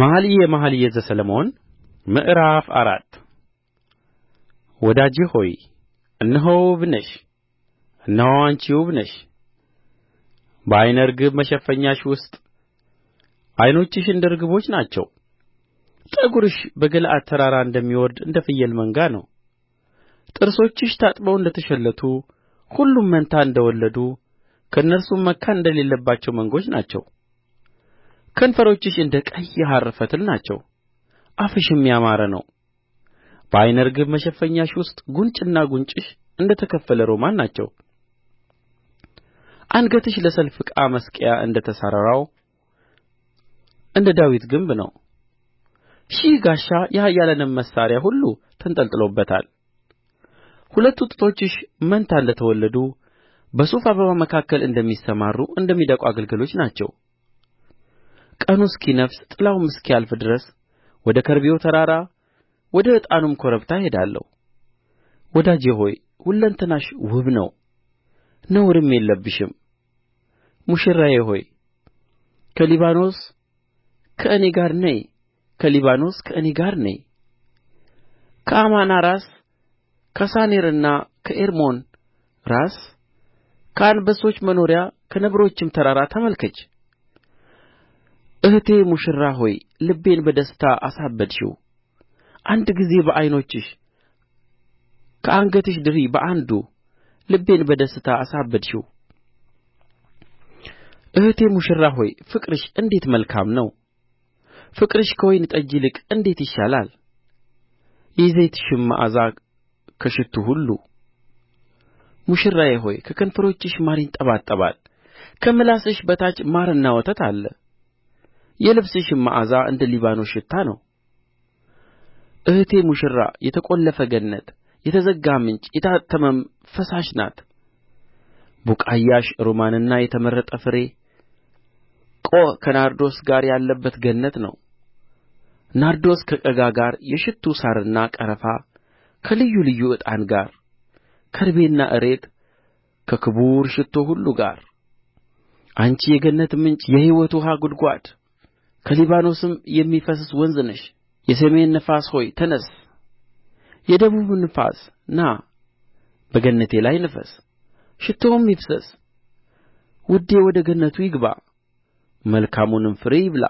መኃልየ መኃልይ ዘሰሎሞን ምዕራፍ አራት ወዳጄ ሆይ እነሆ ውብ ነሽ እነሆ አንቺ ውብ ነሽ በዓይነ ርግብ መሸፈኛሽ ውስጥ ዓይኖችሽ እንደ ርግቦች ናቸው ጠጕርሽ በገለዓድ ተራራ እንደሚወርድ እንደ ፍየል መንጋ ነው ጥርሶችሽ ታጥበው እንደ ተሸለቱ ሁሉም መንታ እንደ ወለዱ ከእነርሱም መካን እንደሌለባቸው መንጎች ናቸው ከንፈሮችሽ እንደ ቀይ ሐር ፈትል ናቸው አፍሽም ያማረ ነው በዓይነ ርግብ መሸፈኛሽ ውስጥ ጕንጭና ጕንጭሽ እንደ ተከፈለ ሮማን ናቸው አንገትሽ ለሰልፍ ዕቃ መስቀያ እንደ ተሠራው እንደ ዳዊት ግንብ ነው ሺህ ጋሻ የኃያላንም መሣሪያ ሁሉ ተንጠልጥሎበታል ሁለቱ ጡቶችሽ መንታ እንደ ተወለዱ በሱፍ አበባ መካከል እንደሚሰማሩ እንደሚደቁ አገልግሎች ናቸው ቀኑ እስኪነፍስ ጥላውም እስኪያልፍ ድረስ ወደ ከርቤው ተራራ ወደ ዕጣኑም ኮረብታ እሄዳለሁ ወዳጄ ሆይ ሁለንተናሽ ውብ ነው ነውርም የለብሽም ሙሽራዬ ሆይ ከሊባኖስ ከእኔ ጋር ነዪ ከሊባኖስ ከእኔ ጋር ነዪ ከአማና ራስ ከሳኔርና ከኤርሞን ራስ ከአንበሶች መኖሪያ ከነብሮችም ተራራ ተመልከች እኅቴ ሙሽራ ሆይ ልቤን በደስታ አሳበድሽው አንድ ጊዜ በዓይኖችሽ ከአንገትሽ ድሪ በአንዱ ልቤን በደስታ አሳበድሽው እኅቴ ሙሽራ ሆይ ፍቅርሽ እንዴት መልካም ነው ፍቅርሽ ከወይን ጠጅ ይልቅ እንዴት ይሻላል የዘይትሽም መዓዛ ከሽቱ ሁሉ ሙሽራዬ ሆይ ከከንፈሮችሽ ማር ይንጠባጠባል ከምላስሽ በታች ማርና ወተት አለ የልብስሽም መዓዛ እንደ ሊባኖስ ሽታ ነው እኅቴ ሙሽራ የተቈለፈ ገነት የተዘጋ ምንጭ የታተመም ፈሳሽ ናት ቡቃያሽ ሮማንና የተመረጠ ፍሬ ቆዕ ከናርዶስ ጋር ያለበት ገነት ነው ናርዶስ ከቀጋ ጋር የሽቱ ሣርና ቀረፋ ከልዩ ልዩ ዕጣን ጋር ከርቤና እሬት ከክቡር ሽቱ ሁሉ ጋር አንቺ የገነት ምንጭ የሕይወት ውኃ ጕድጓድ ከሊባኖስም የሚፈስስ ወንዝ ነሽ የሰሜን ነፋስ ሆይ ተነሥ የደቡብ ነፋስ ና በገነቴ ላይ ንፈስ ሽቱውም ይፍሰስ ውዴ ወደ ገነቱ ይግባ መልካሙንም ፍሬ ይብላ